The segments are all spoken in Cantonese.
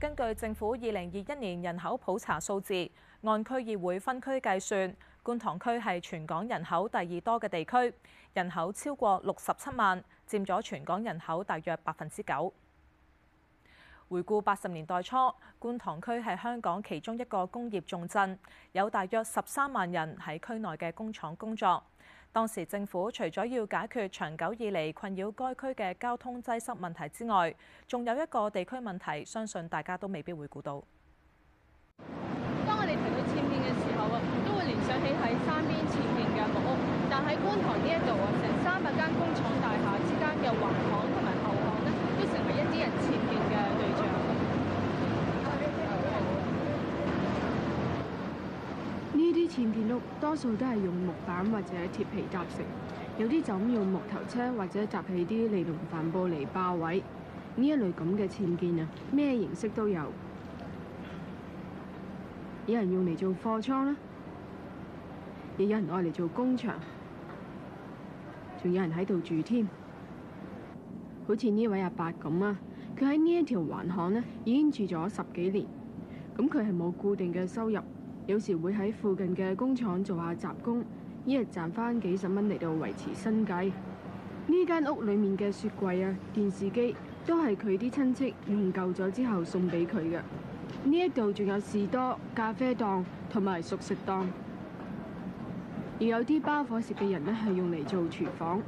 根據政府二零二一年人口普查數字，按區議會分區計算，觀塘區係全港人口第二多嘅地區，人口超過六十七萬，佔咗全港人口大約百分之九。回顧八十年代初，觀塘區係香港其中一個工業重鎮，有大約十三萬人喺區內嘅工廠工作。當時政府除咗要解決長久以嚟困擾該區嘅交通擠塞問題之外，仲有一個地區問題，相信大家都未必會估到。當我哋提到僭建嘅時候啊，都會聯想起喺山邊僭建嘅木屋，但喺觀塘呢一度啊，成三百間工廠。僭建屋多數都係用木板或者鐵皮搭成，有啲就咁用木頭車或者搭起啲尼龍帆布嚟霸位。呢一類咁嘅僭建啊，咩形式都有。有人用嚟做貨倉啦，亦有人愛嚟做工場，仲有人喺度住添。好似呢位阿伯咁啊，佢喺呢一條橫巷呢已經住咗十幾年，咁佢係冇固定嘅收入。有時會喺附近嘅工廠做下雜工，一日賺翻幾十蚊嚟到維持生計。呢間屋裏面嘅雪櫃啊、電視機都係佢啲親戚用舊咗之後送俾佢嘅。呢一度仲有士多、咖啡檔同埋熟食檔，而有啲包伙食嘅人咧係用嚟做廚房。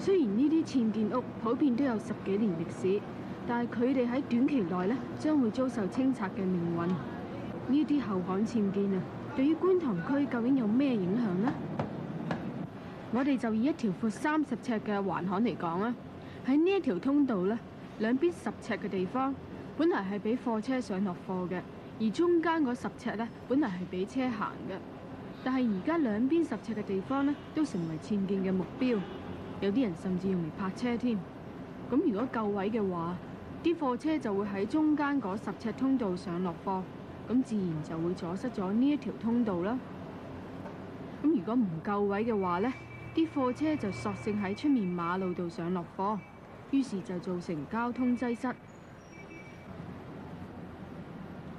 雖然呢啲僭建屋普遍都有十幾年歷史，但係佢哋喺短期內咧將會遭受清拆嘅命運。呢啲後巷僭建啊，對於觀塘區究竟有咩影響呢？我哋就以一條闊三十尺嘅環巷嚟講啦，喺呢一條通道呢，兩邊十尺嘅地方本嚟係俾貨車上落貨嘅，而中間嗰十尺呢，本嚟係俾車行嘅，但係而家兩邊十尺嘅地方呢，都成為僭建嘅目標，有啲人甚至用嚟泊車添。咁如果夠位嘅話，啲貨車就會喺中間嗰十尺通道上落貨。咁自然就會阻塞咗呢一條通道啦。咁如果唔夠位嘅話呢，啲貨車就索性喺出面馬路度上落貨，於是就造成交通擠塞。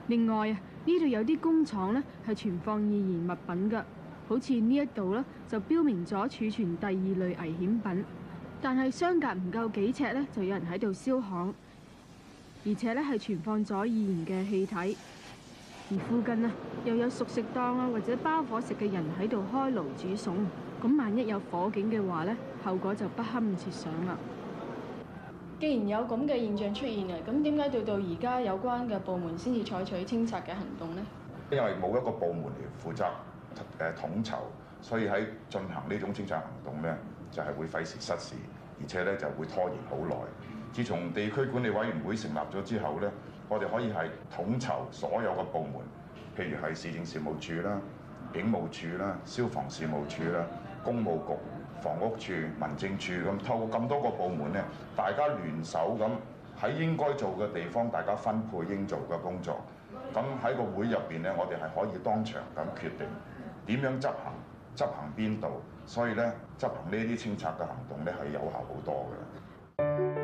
另外啊，呢度有啲工廠呢係存放易燃物品噶好似呢一度呢就標明咗儲存第二類危險品，但係相隔唔夠幾尺呢，就有人喺度燒焊，而且呢係存放咗易燃嘅氣體。附近啊，又有熟食檔啊，或者包伙食嘅人喺度開爐煮餸，咁萬一有火警嘅話咧，後果就不堪設想啦。既然有咁嘅現象出現啊，咁點解到到而家有關嘅部門先至採取清拆嘅行動咧？因為冇一個部門嚟負責誒統籌，所以喺進行呢種清拆行動咧，就係會費時失事，而且咧就會拖延好耐。自從地區管理委員會成立咗之後咧。我哋可以係統籌所有嘅部門，譬如係市政事務處啦、警務處啦、消防事務處啦、公務局、房屋處、民政處咁，透過咁多個部門咧，大家聯手咁喺應該做嘅地方，大家分配應做嘅工作。咁喺個會入邊咧，我哋係可以當場咁決定點樣執行，執行邊度。所以咧，執行呢啲清拆嘅行動咧係有效好多嘅。